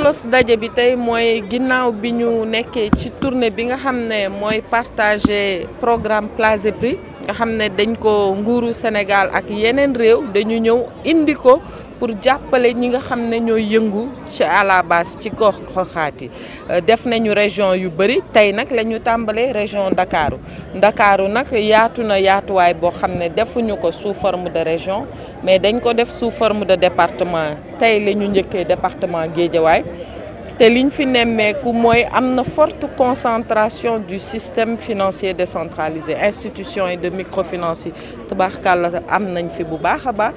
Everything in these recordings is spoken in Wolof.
solos daje bi tey mooy ginnaaw bi ñu nekkee ci tournée bi nga xam ne mooy partager programme Place et nga xam ne dañ ko nguuru Sénégal ak yeneen réew dañu ñëw indi ko pour jàppale ñi nga xam ne ñooy yëngu ci à la base ci gox goxaat euh, def nañu région yu bëri tey nag lañu ñu tàmbalee région Ndakaaru Ndakaaru nag yaatu na yaatuwaay boo xam ne defuñu ko sous forme de région mais dañ ko def sous forme de département tey la ñu njëkkee département Guédiawaay te liñ fi nemmeeku mooy am na forte concentration du système financier décentralisé institutions et de microfinance yi tabaxkàlla am nañ fi bu baax a baax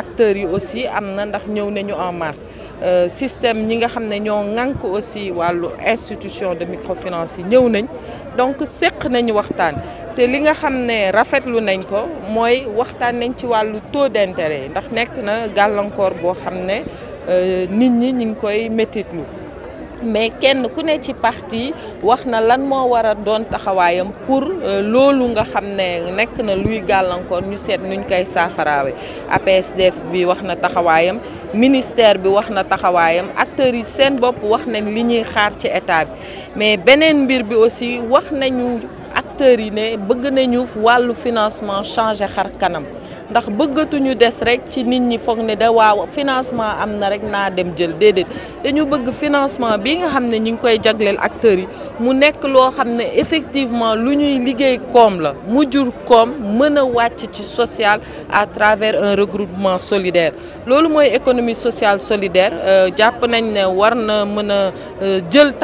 acteurs yi aussi amna na ndax ñëw nañu en masse euh, système ñi nga xam ñoo aussi walu institution de microfinance yi ñëw nañ donc séq nañu waxtaan te li nga xam rafetlu nañ ko mooy waxtaan nañ ci wàllu taux d'intérêt yi ndax nekk na gàllankoor Euh, nit ñi ñu ngi koy métitlu mais kenn ku ne ci parti wax na lan moo war a doon taxawaayam pour euh, loolu nga xam ne nekk na luy gàllankoor ñu seet nuñ koy saafaraawe APSDF bi wax na taxawaayam ministère bi wax na taxawaayam acteurs yi seen bopp wax nañ li ñuy xaar ci état bi mais beneen mbir bi aussi wax nañu acteurs yi ne bëgg nañu wàllu financement changer xar kanam ndax bëggatuñu des rek financement na rek naa dem jël dañu financement bi nga xam ne koy jagleel acteurs effectivement lu ñuy liggéey la social à travers un regroupement solidaire loolu économie sociale solidaire euh, jàpp nañ ne war na euh, jël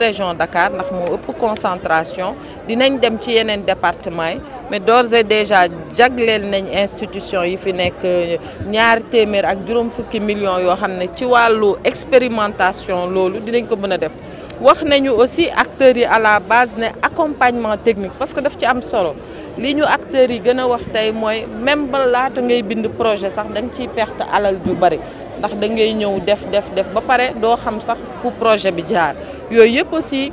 région Dakar ndax moo concentration dinañ dem ci département mais d'ores et déjà jagleel nañ institution yi fi nek ñaar témèr ak juroom fukki millions yo xamné ci walu expérimentation loolu dinañ ko mëna def wax nañu aussi acteurs yi à la base né accompagnement technique parce que daf ci am solo li ñu acteurs yi gëna wax tay moy même ba laata ngay bind projet sax dang ci perte alal ju bari ndax da ngay ñëw def def def ba paré do xam sax fu projet bi jaar yoy yëpp aussi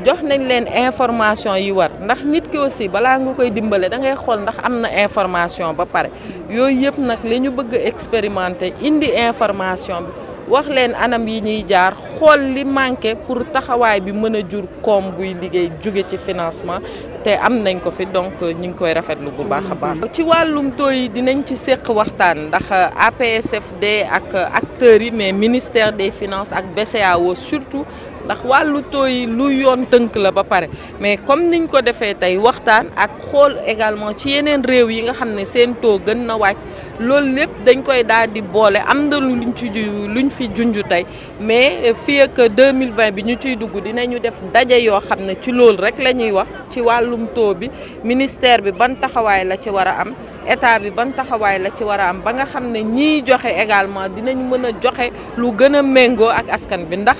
jox nañ leen information yi war ndax nit ki aussi balaa nga koy dimbale da ngay xool ndax am na information ba pare yooyu yëpp nag li ñu bëgg expérimenter indi information bi wax leen anam yi ñuy jaar xool li manqué pour taxawaay bi mën a jur koom buy liggéey jóge ci financement te am nañ ko fi donc ñu ngi koy rafetlu bu baax a baax. ci wàllum taux yi dinañ ci seq waxtaan ndax APSFD ak acteurs yi mais ministère des finances ak BCEAO surtout. ndax wàllu taux yi lu yoon tënk la ba pare mais comme niñ ko defee tey waxtaan ak xool également ci yeneen réew yi nga xam ne seen too gën na wàcc loolu lépp dañ koy daal di boole am na luñ ci luñ fi junj tey mais fii ak 2020 bi ñu ciy dugg dinañu def daje yoo xam ne ci loolu rek la ñuy wax ci wàllum taux bi ministère bi ban taxawaay la ci war a am état bi ban taxawaay la ci war a am ba nga xam ne ñiy joxe également dinañ mën a joxe lu gën a méngoo ak askan bi ndax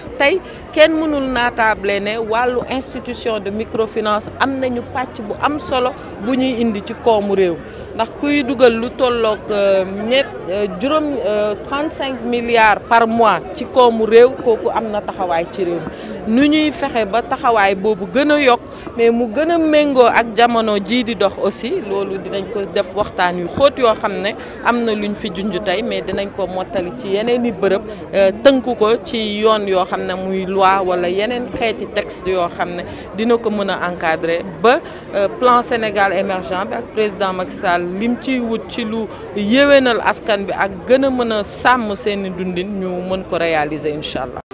kenn mënul naataable ne wàllu institution de microfinance am nañu pàcc bu am solo bu ñuy indi ci koomu réew ndax kuy dugal lu tolloog euh, ñett euh, juróom 35 euh, milliards par mois ci koomu réew kooku am na taxawaay ci réew nu ñuy fexe ba taxawaay boobu gën a yokk mais mu gën a méngoo ak jamono jii di dox aussi loolu dinañ ko def waxtaan yu xóot yoo xam ne am na luñ fi junj tey mais dinañ ko mottali ci yeneen i bërëb euh, tënk ko ci yoon yoo xam ne muy loi wala yeneen xeeti text yoo xam ne dina ko mën a encadrer ba euh, plan Sénégal émergent bi ak président Macky Sall lim ciy wut ci lu yéwénal askan bi ak gën a mën a sàmm seeni dundin ñu mën ko réaliser incha allah.